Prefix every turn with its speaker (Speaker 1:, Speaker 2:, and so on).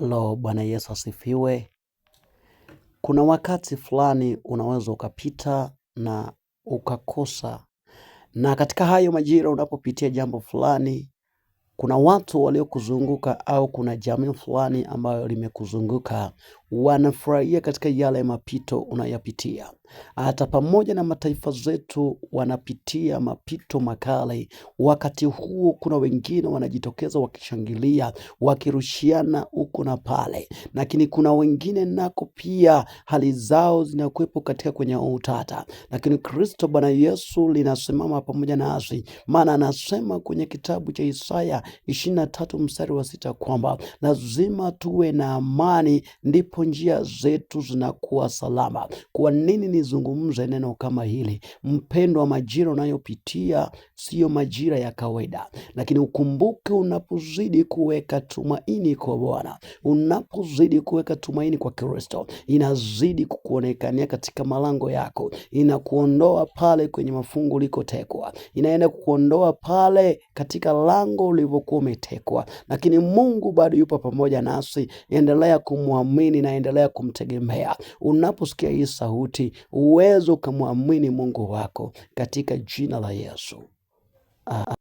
Speaker 1: Halo, Bwana Yesu asifiwe. Kuna wakati fulani unaweza ukapita na ukakosa, na katika hayo majira unapopitia jambo fulani, kuna watu waliokuzunguka au kuna jamii fulani ambayo limekuzunguka wanafurahia katika yale mapito unayapitia hata pamoja na mataifa zetu wanapitia mapito makali. Wakati huo kuna wengine wanajitokeza wakishangilia, wakirushiana huko na pale, lakini kuna wengine nako pia hali zao zinakuwepo katika kwenye utata, lakini Kristo Bwana Yesu linasimama pamoja nasi, maana anasema kwenye kitabu cha Isaya ishirini na tatu mstari wa sita kwamba lazima tuwe na amani, ndipo njia zetu zinakuwa salama. Kwa nini? nizungumze neno kama hili. Mpendwa, majira unayopitia siyo majira ya kawaida, lakini ukumbuke unapozidi kuweka tumaini kwa Bwana, unapozidi kuweka tumaini kwa Kristo, inazidi kukuonekania katika malango yako, inakuondoa pale kwenye mafungu ulikotekwa, inaenda kukuondoa pale katika lango ulivyokuwa umetekwa, lakini Mungu bado yupo pamoja nasi. Endelea kumwamini na endelea kumtegemea. Unaposikia hii sauti, uwezo ukamwamini Mungu wako katika jina la Yesu.